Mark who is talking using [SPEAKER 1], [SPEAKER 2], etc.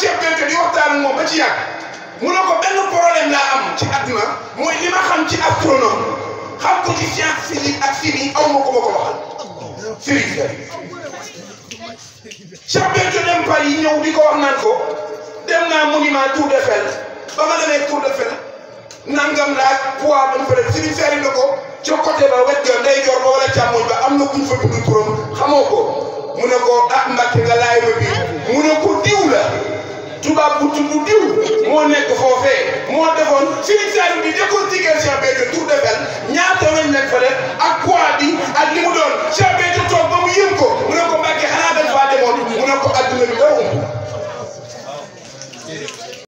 [SPEAKER 1] Cheikh Béthio di waxtaan moom ba ci yàgg mu ne ko benn problème laa am ci àdduna mooy li ma xam ci astronome xam ko ci science physique ak chimie aw ma ko ma ko
[SPEAKER 2] waxal
[SPEAKER 1] physique la. Cheikh Béthio dem Paris ñëw di ko wax naan ko dem naa monument Tour Eiffel ba ma demee Tour Eiffel nangam laaj poids ba mu fa la suñu feri la ko ca côté ba wet ga ndeyjoor ba wala càmmoñ ba am na kuñ fa bindu xamoo ko mu ne ko ah Mbacke nga laay ma bi ku tudd diw moo nekk foofee moo defoon Serigne Saliou bi jëkkoon ci kër Cheikh Béthio tour de fel ñaata lañ nekk fa def ak poids bi li mu doon Cheikh Béthio toog ba mu yëm ko mu ne ko Mbàkke xanaa dañ faa demoon
[SPEAKER 3] mu ne ko adduna bi dawum